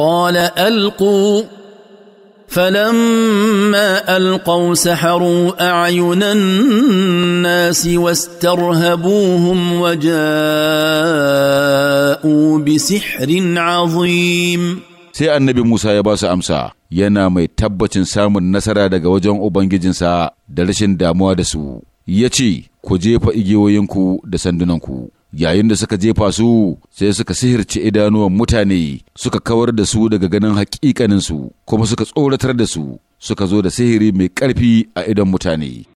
قال القوا فلما القوا سحروا اعين الناس واسترهبوهم وجاءوا بسحر عظيم sai annabi Musa ya ba su amsa yana mai tabbacin samun nasara daga wajen Ubangijinsa da rashin damuwa da su, ya ce, Ku jefa igiyoyinku da sandunanku. yayin da suka jefa su sai suka sihirci idanuwan mutane suka kawar da su daga ganin hakikaninsu kuma suka tsoratar da su suka zo da sihiri mai ƙarfi a idon mutane